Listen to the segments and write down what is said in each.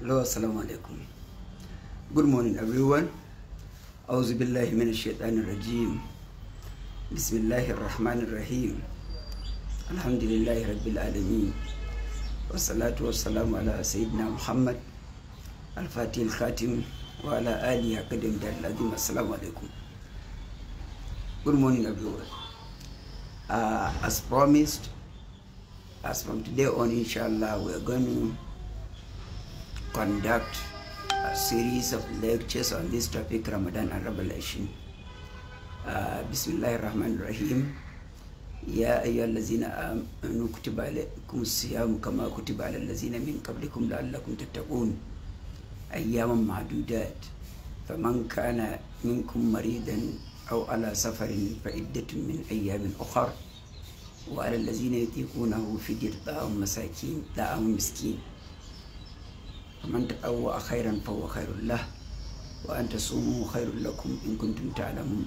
Hello, assalamu alaikum. Good morning, everyone. A'udhu billahi minash shaitanir rajim. Bismillahir rahmanir rahim. Alhamdulillahi rabbil alamin. ala sayyidina Muhammad al-Fatih al-Khatim wa ala alihi aqdam dalladhim. Assalamu alaikum. Good morning, uh, as promised, as from today on, inshallah, we are going conduct a series of lectures on this topic, Ramadan and Revelation. Uh, Bismillah ar-Rahman ar-Rahim. Ya ayyuhal lazina amanu kutiba alaikum siyamu kama kutiba ala lazina min kablikum la'allakum tatakun. Ayyaman ma'adudat. Faman kana minkum maridan aw ala safarin fa'iddatun min ayyamin ukhar. Wa ala lazina yutikunahu fidir da'am masakin, da'am miskin. فمن تأوى خيرا فهو خير له وأن تصوموا خير لكم إن كنتم تعلمون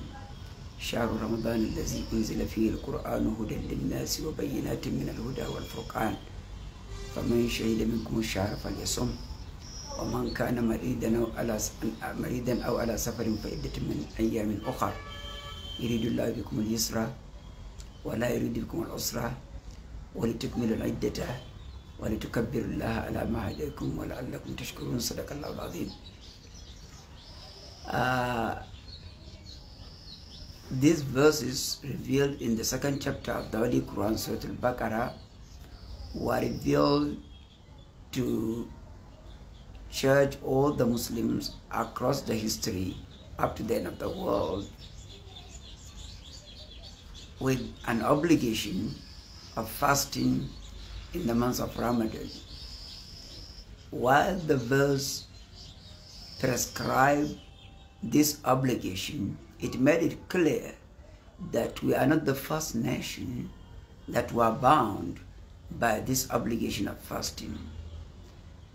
شهر رمضان الذي أنزل فيه القرآن هدى للناس وبينات من الهدى والفرقان فمن شهد منكم الشهر فليصم ومن كان مريدا أو على أو على سفر فعدة من أيام أخر يريد الله بكم اليسر ولا يريد بكم العسر ولتكملوا العدة ولتكبروا الله على ما ولعلكم تشكرون صدق الله العظيم this verse is revealed in the second chapter of the Holy Quran Surah Al-Baqarah were revealed to church all the Muslims across the history up to the end of the world with an obligation of fasting in the month of Ramadan. While the verse prescribed this obligation, it made it clear that we are not the first nation that were bound by this obligation of fasting.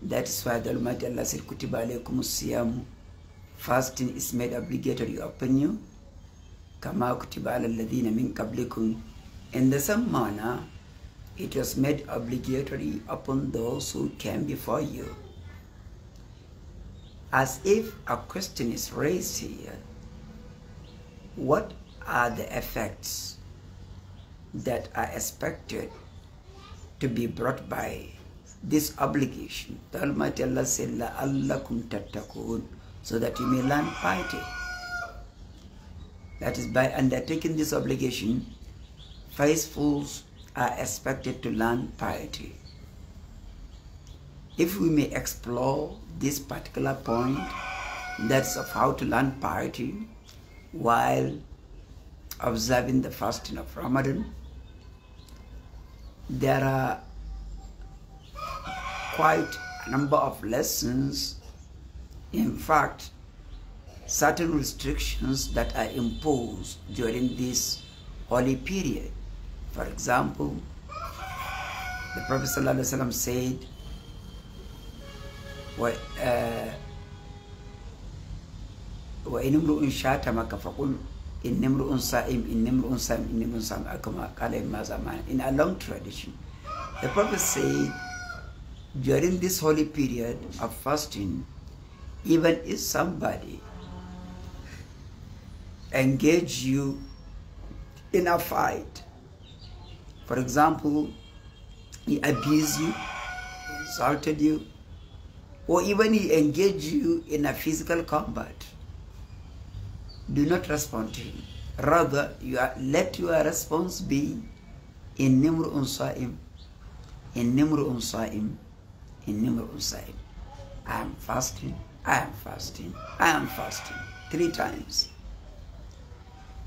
That is why the Almighty Allah said, Kutiba alaykum Fasting is made obligatory upon you. Kama kutiba ala min kablikum. In the same manner, it was made obligatory upon those who came before you. As if a question is raised here, what are the effects that are expected to be brought by this obligation? Allah So that you may learn piety. That is by undertaking this obligation, faithfuls are expected to learn piety. If we may explore this particular point, that's of how to learn piety while observing the fasting of Ramadan, there are quite a number of lessons. In fact, certain restrictions that are imposed during this holy period for example, the Prophet ﷺ said, وإن امرؤ شاتمك فقل إن امرؤ صائم إن امرؤ صائم إن قال ابن زمان in a long tradition the prophet said during this holy period of fasting even if somebody engage you in a fight for example, he abused you, insulted you, or even he engaged you in a physical combat. Do not respond to him. Rather, you are, let your response be in Nimru'un Sa'im, in Nimru'un Sa'im, in Nimru'un Sa'im. I am fasting, I am fasting, I am fasting. Three times.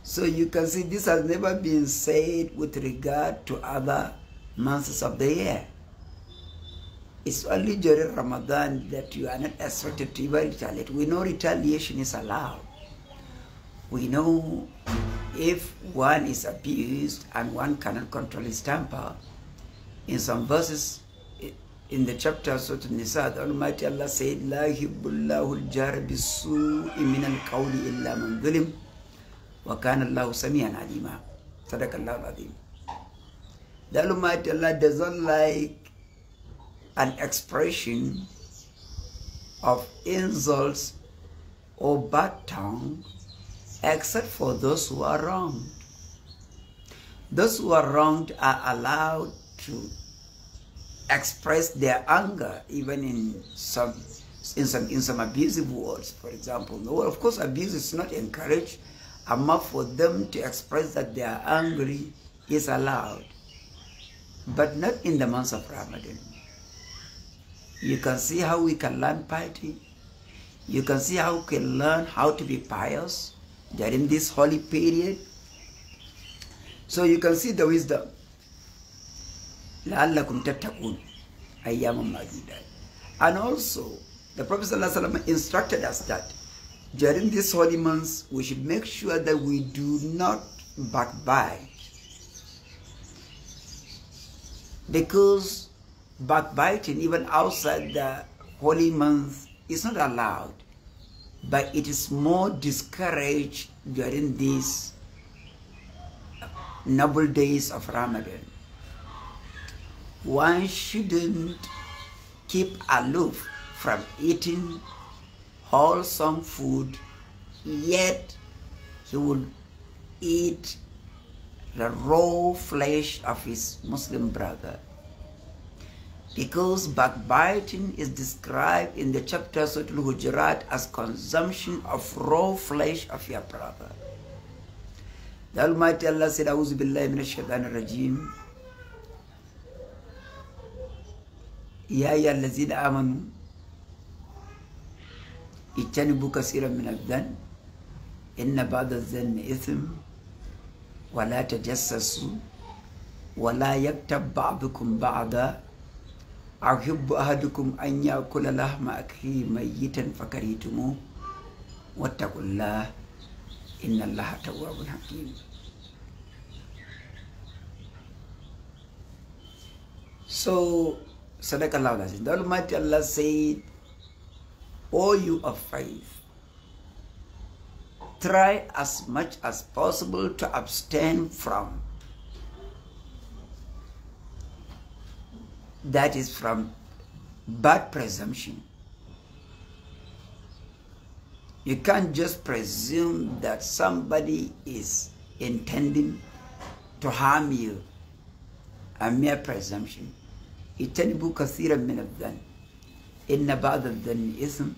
So you can see this has never been said with regard to other months of the year. It's only during Ramadan that you are not expected to even retaliate. We know retaliation is allowed. We know if one is abused and one cannot control his temper, in some verses in the chapter Surah Nisa, the Almighty Allah said, "La يحب الله الجار بالسوء من illa man من وكان الله سميعا عليما صدق الله العظيم The Almighty Allah doesn't like an expression of insults or bad tongue except for those who are wronged. Those who are wronged are allowed to express their anger even in some in some in some abusive words for example no of course abuse is not encouraged amma for them to express that they are angry is allowed, but not in the month of Ramadan. You can see how we can learn piety. You can see how we can learn how to be pious during this holy period. So you can see the wisdom. لَعَلَّكُمْ تَتَّقُونَ أَيَّامٌ And also, the Prophet ﷺ instructed us that during these holy months, we should make sure that we do not backbite. Because backbiting, even outside the holy month, is not allowed, but it is more discouraged during these noble days of Ramadan. One shouldn't keep aloof from eating wholesome food, yet he would eat the raw flesh of his Muslim brother. Because backbiting is described in the chapter Sotul Hujurat as consumption of raw flesh of your brother. The Almighty Allah said, A'udhu Billahi Minash Shaitan Rajim. Ya ya lazina amanu اجتنبوا كثيرا من الذن إن بعض الذن إثم ولا تجسسوا ولا يكتب بعضكم بعضا أحب أحدكم أن يأكل لحم أخيه ميتا فكرهتموه واتقوا الله إن الله تواب حكيم So, Sadaqallah, the Almighty Allah said, all you of faith. Try as much as possible to abstain from. That is from bad presumption. You can't just presume that somebody is intending to harm you. A mere presumption. It تجتنبوا كثيرا من الذنب in إن بعض الظن إثم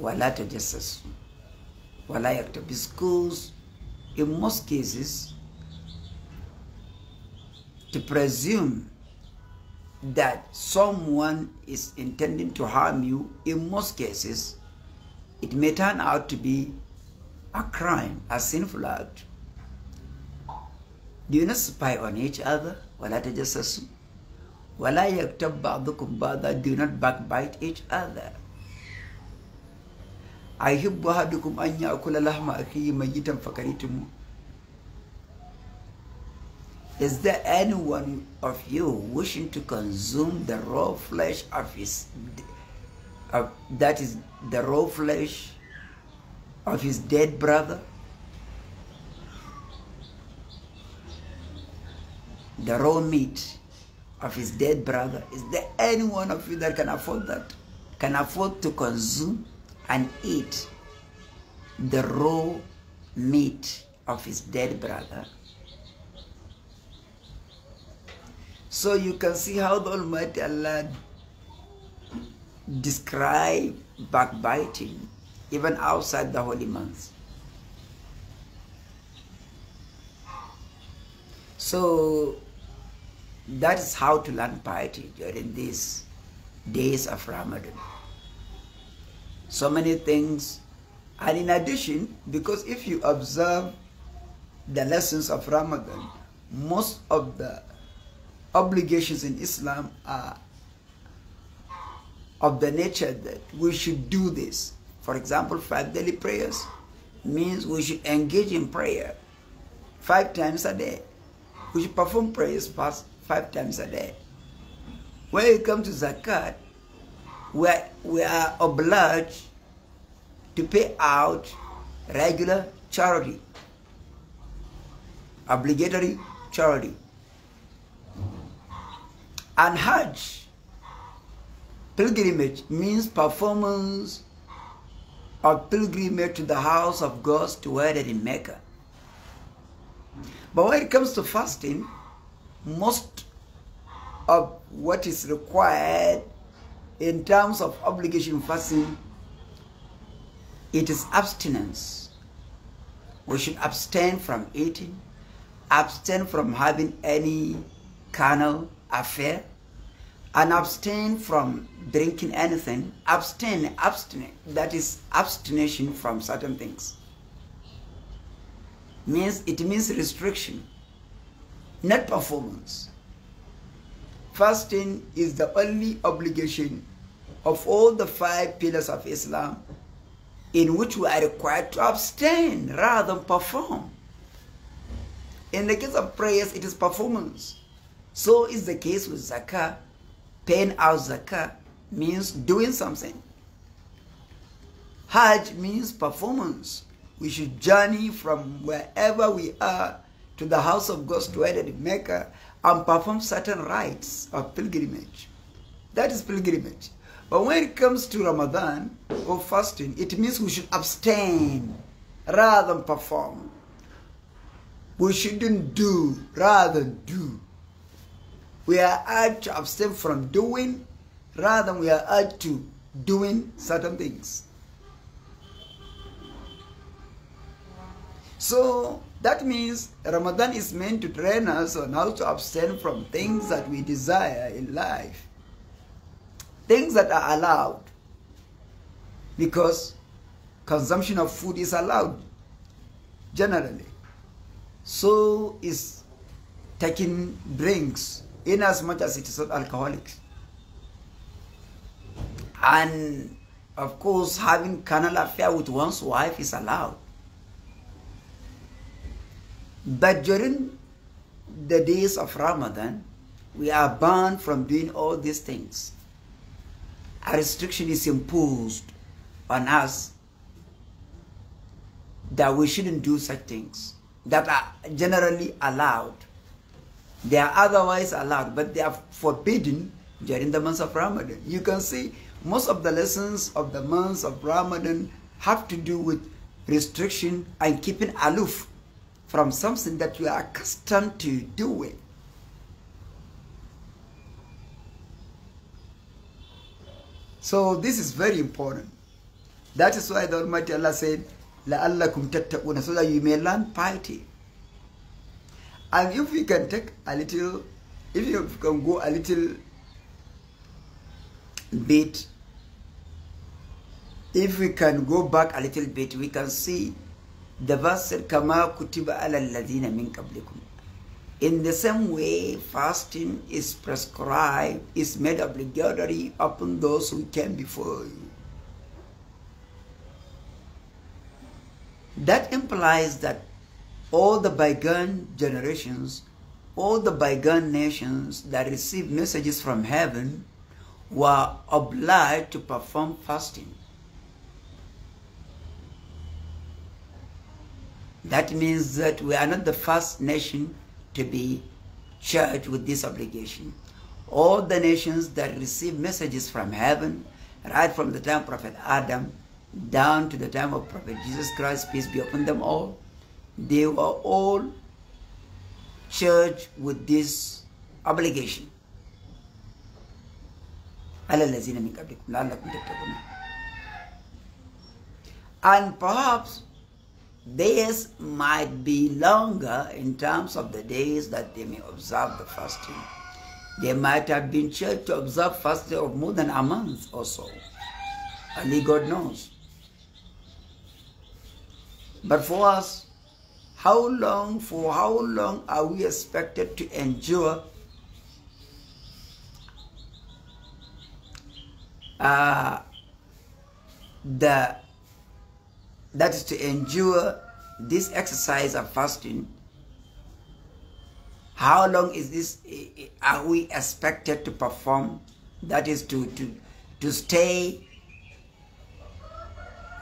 ولا تجسسوا to be schools. in most cases to presume that someone is intending to harm you in most cases it may turn out to be a crime a sinful act do you not spy on each other ولا تجسسوا وَلَا يَكْتَبْ بَعْضُكُمْ بَعْضًا Do not backbite each other. أَيْهِبُّ أَحَدُكُمْ أَنْ يَأْكُلَ لَحْمَ أَخِيهِ مَيِّتًا فَكَرِهْتُمُوهُ Is there anyone of you wishing to consume the raw flesh of his, of, that is the raw flesh of his dead brother? The raw meat of his dead brother? Is there any one of you that can afford that? Can afford to consume and eat the raw meat of his dead brother? So you can see how the Almighty Allah describe backbiting even outside the holy months. So that is how to learn piety during these days of Ramadan. So many things. And in addition, because if you observe the lessons of Ramadan, most of the obligations in Islam are of the nature that we should do this. For example, five daily prayers means we should engage in prayer five times a day. We should perform prayers past five times a day. When it comes to zakat, we are, we are obliged to pay out regular charity, obligatory charity. And Hajj, pilgrimage, means performance of pilgrimage to the house of God where in Mecca. But when it comes to fasting, most of what is required in terms of obligation fasting, it is abstinence. We should abstain from eating, abstain from having any carnal affair, and abstain from drinking anything. Abstain, abstain—that that is abstination from certain things. Means it means restriction, not performance fasting is the only obligation of all the five pillars of Islam in which we are required to abstain rather than perform. In the case of prayers, it is performance. So is the case with zakah. Paying out zakah means doing something. Hajj means performance. We should journey from wherever we are to the house of God's situated in Mecca and perform certain rites of pilgrimage. That is pilgrimage. But when it comes to Ramadan or fasting, it means we should abstain rather than perform. We shouldn't do rather than do. We are urged to abstain from doing rather than we are urged to doing certain things. So that means Ramadan is meant to train us on how to abstain from things that we desire in life. Things that are allowed. Because consumption of food is allowed, generally. So is taking drinks, in as much as it is not alcoholic. And of course, having carnal affair with one's wife is allowed. But during the days of Ramadan, we are banned from doing all these things. A restriction is imposed on us that we shouldn't do such things that are generally allowed. They are otherwise allowed, but they are forbidden during the months of Ramadan. You can see most of the lessons of the months of Ramadan have to do with restriction and keeping aloof from something that you are accustomed to doing. So this is very important. That is why the Almighty Allah said, لَأَلَّكُمْ تَتَّقُونَ So that you may learn piety. And if you can take a little, if you can go a little bit, if we can go back a little bit, we can see Kama kutiba ala alladhina min In the same way, fasting is prescribed, is made obligatory upon those who came before you. That implies that all the bygone generations, all the bygone nations that received messages from heaven were obliged to perform fasting. That means that we are not the first nation to be charged with this obligation. All the nations that receive messages from heaven, right from the time of Prophet Adam down to the time of Prophet Jesus Christ, peace be upon them all, they were all charged with this obligation. And perhaps this might be longer in terms of the days that they may observe the fasting. They might have been church to observe fasting of more than a month or so. Only God knows. But for us, how long, for how long are we expected to endure uh, the that is to endure this exercise of fasting how long is this are we expected to perform that is to to to stay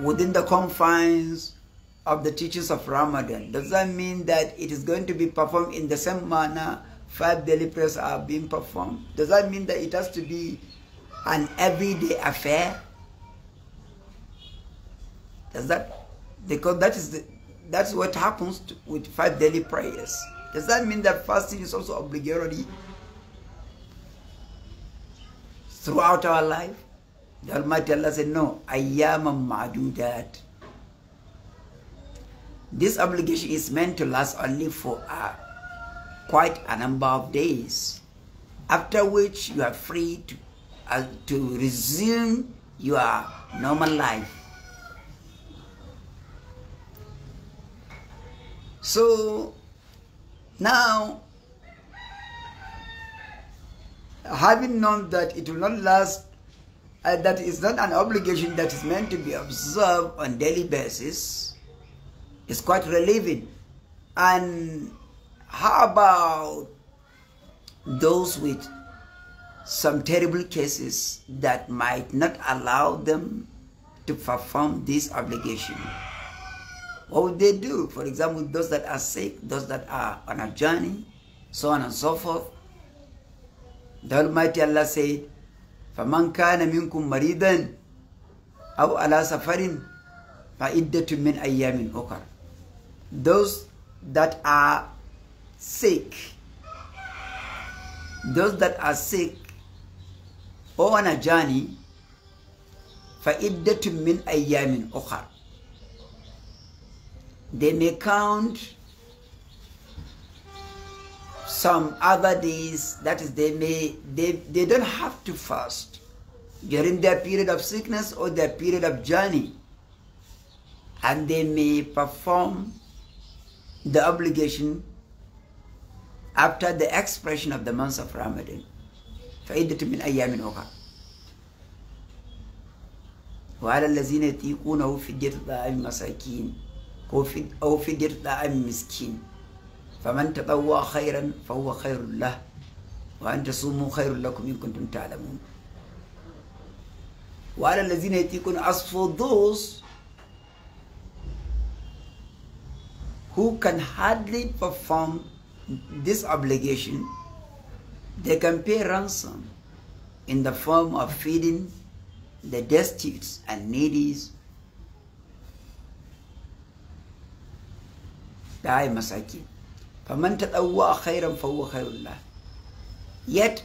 within the confines of the teachings of Ramadan. Does that mean that it is going to be performed in the same manner five daily prayers are being performed? Does that mean that it has to be an everyday affair? Does that because that is the, that's what happens to, with five daily prayers. Does that mean that fasting is also obligatory throughout our life? The Almighty Allah said, no, I am a madudat. This obligation is meant to last only for a, quite a number of days, after which you are free to, uh, to resume your normal life. So now, having known that it will not last, uh, it's not an obligation that is meant to be observed on daily basis, is quite relieving. And how about those with some terrible cases that might not allow them to perform this obligation? What would they do? For example, those that are sick, those that are on a journey, so on and so forth. The Almighty Allah said, فَمَنْ كَانَ مِنْكُمْ مَرِيدًا أَوْ عَلَى سَفَرٍ فَإِدَّةٌ مِنْ أَيَّامٍ أُخَرٍ Those that are sick, those that are sick or on a journey, فَإِدَّةٌ مِنْ أَيَّامٍ أُخَرٍ they may count some other days, that is, they may they, they don't have to fast during their period of sickness or their period of journey. And they may perform the obligation after the expiration of the month of Ramadan. وعلى الذين يطيقونه فدية طعام مساكين أو في فدر طعام مسكين فمن تطوع خيرا فهو خير له وأن تصوموا خير لكم إن كنتم تعلمون وعلى الذين يتيكون أصف الضوص who can hardly perform this obligation they can pay ransom in the form of feeding the destitute and needy die masakin. فَمَنْ تَتَوَّى خَيْرًا فَهُوَ خَيْرٌ لَهُ Yet,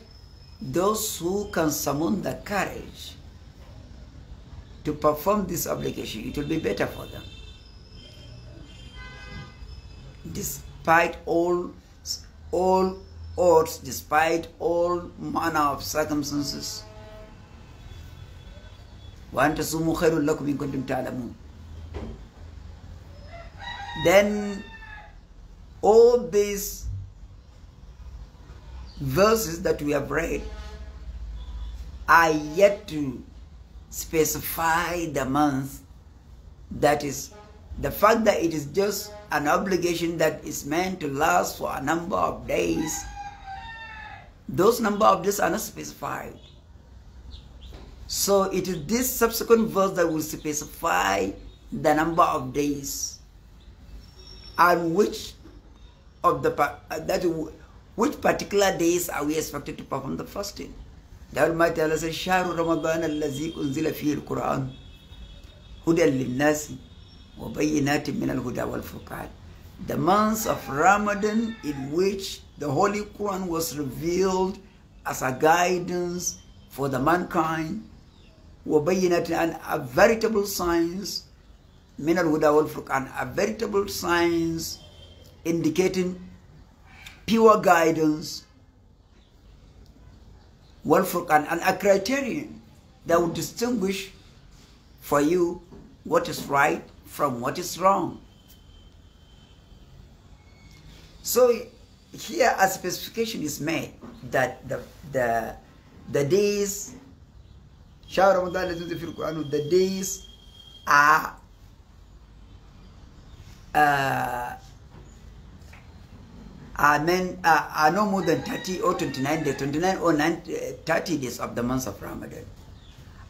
those who can summon the courage to perform this obligation, it will be better for them. Despite all, all odds, despite all manner of circumstances, وأن تصوموا خير لكم إن كنتم تعلمون. Then all these verses that we have read are yet to specify the month. That is, the fact that it is just an obligation that is meant to last for a number of days, those number of days are not specified. So it is this subsequent verse that will specify the number of days on which of the uh, that which particular days are we expected to perform the fasting? The Almighty Allah says, "Shahru Ramadan al-lazi unzila fihi al-Quran, Huda lil-nasi, wa bayyinatin min al-huda wal-furqan." The months of Ramadan in which the Holy Quran was revealed as a guidance for the mankind, wa bayyinatin and a veritable signs, min al-huda wal-furqan, a veritable signs indicating pure guidance, one furqan, and a criterion that would distinguish for you what is right from what is wrong. So here a specification is made that the the the days the days are uh, are, men, uh, are no more than 30 or 29 days, 29 or 90, uh, 30 days of the month of Ramadan.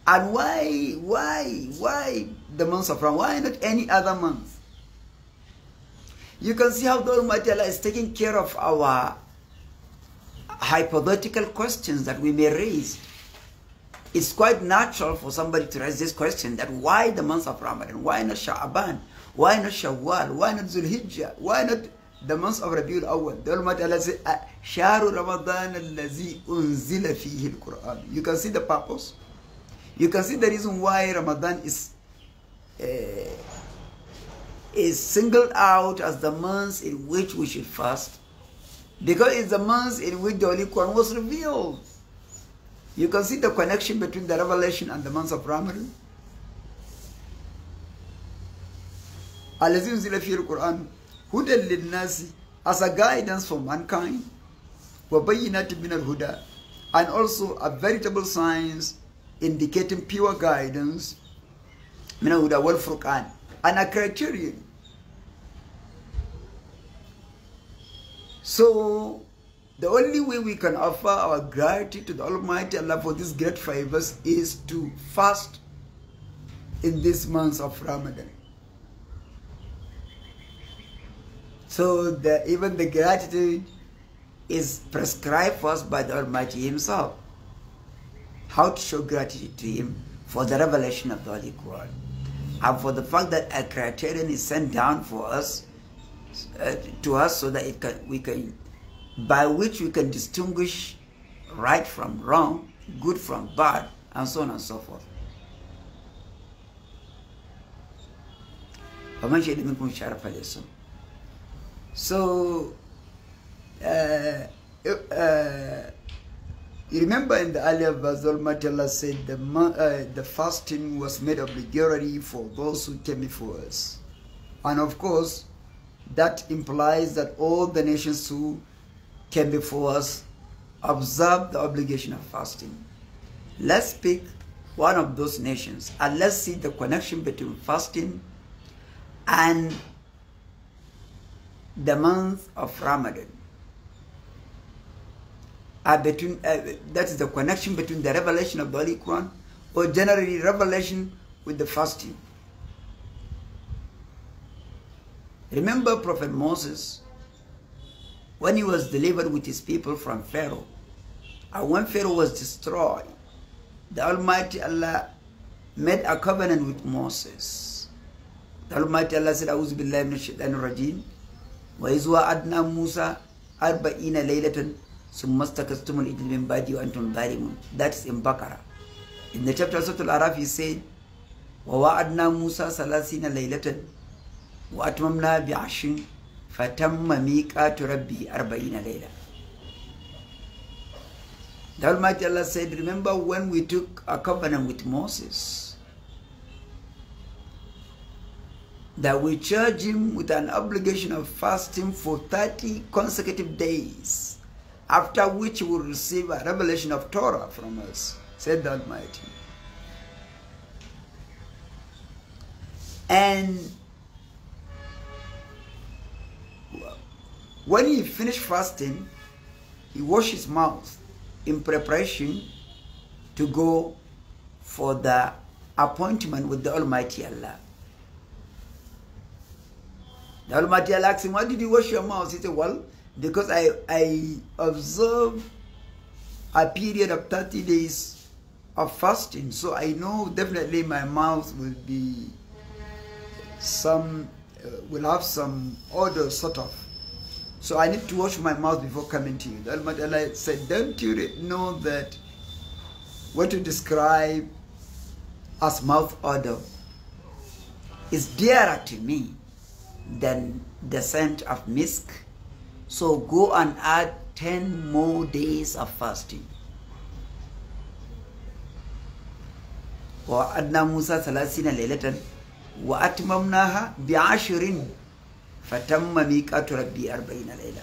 And why, why, why the month of Ramadan? Why not any other month? You can see how the Almighty Allah is taking care of our hypothetical questions that we may raise. It's quite natural for somebody to raise this question that why the month of Ramadan? Why not Sha'aban? Why not Shawwal? Why not Zulhijjah? Why not the month of Rabiul Awal. The Almighty Allah says, Sharu Ramadan allazi unzila fihi al-Quran. You can see the purpose. You can see the reason why Ramadan is uh, is singled out as the month in which we should fast. Because it's the month in which the Holy Quran was revealed. You can see the connection between the revelation and the month of Ramadan. الذي أنزل al-Qur'an. هدى للناس as a guidance for mankind وبينات من الهدى and also a veritable science indicating pure guidance من الهدى والفرقان and a criterion so the only way we can offer our gratitude to the Almighty Allah for these great favors is to fast in this month of Ramadan. So the, even the gratitude is prescribed for us by the Almighty Himself. How to show gratitude to Him for the revelation of the Holy Quran and for the fact that a criterion is sent down for us uh, to us so that it can we can by which we can distinguish right from wrong, good from bad, and so on and so forth. فمن شهد منكم الشهر فليصم so, uh, uh, you remember in the earlier verse, Almighty Allah said the, uh, the fasting was made obligatory for those who came before us. And of course, that implies that all the nations who came before us observed the obligation of fasting. Let's pick one of those nations and let's see the connection between fasting and the month of Ramadan are uh, between, uh, that is the connection between the revelation of the Holy Quran or generally revelation with the fasting. Remember Prophet Moses when he was delivered with his people from Pharaoh and uh, when Pharaoh was destroyed, the Almighty Allah made a covenant with Moses. The Almighty Allah said, Auzu billahi min shaitanir rajim. wai zuwa adna musa arba'ina laylatan sun stakastumul ijl min ba'di wa antum zalimun that is in bakara in the chapter suratul araf he said wa wa'adna musa salasina laylatan wa atmamna bi ashin fatamma miqatu rabbi arba'ina layla The Almighty Allah said, Remember when we took a covenant with Moses? that we charge him with an obligation of fasting for 30 consecutive days, after which he will receive a revelation of Torah from us, said the Almighty. And when he finished fasting, he washed his mouth in preparation to go for the appointment with the Almighty Allah. The Almighty asked him, why did you wash your mouth? He said, well, because I, I observed a period of 30 days of fasting. So I know definitely my mouth will be some, uh, will have some odor sort of. So I need to wash my mouth before coming to you. The Almighty Allah said, don't you know that what you describe as mouth odor is dearer to me than the scent of misk. So go and add 10 more days of fasting. Wa adna وأدنى موسى ثلاثين ليلة وأتممناها بعشر فتم ميقات ربي أربعين ليلة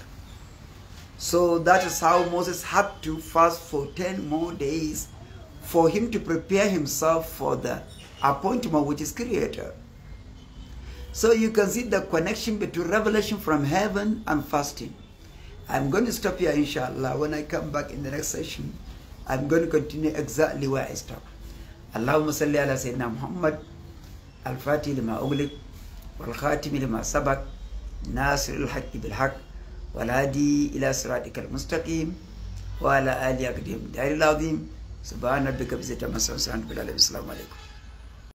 So that is how Moses had to fast for 10 more days for him to prepare himself for the appointment with his creator. So you can see the connection between revelation from heaven and fasting. I'm going to stop here, inshallah. When I come back in the next session, I'm going to continue exactly where I stopped. اللهم صل على سيدنا محمد الفاتح لما أغلق والخاتم لما سبق ناصر الحق بالحق والهادي إلى صراطك المستقيم وعلى آل أقدم دار العظيم سبحان ربك بزيت مسعود سبحانك بالله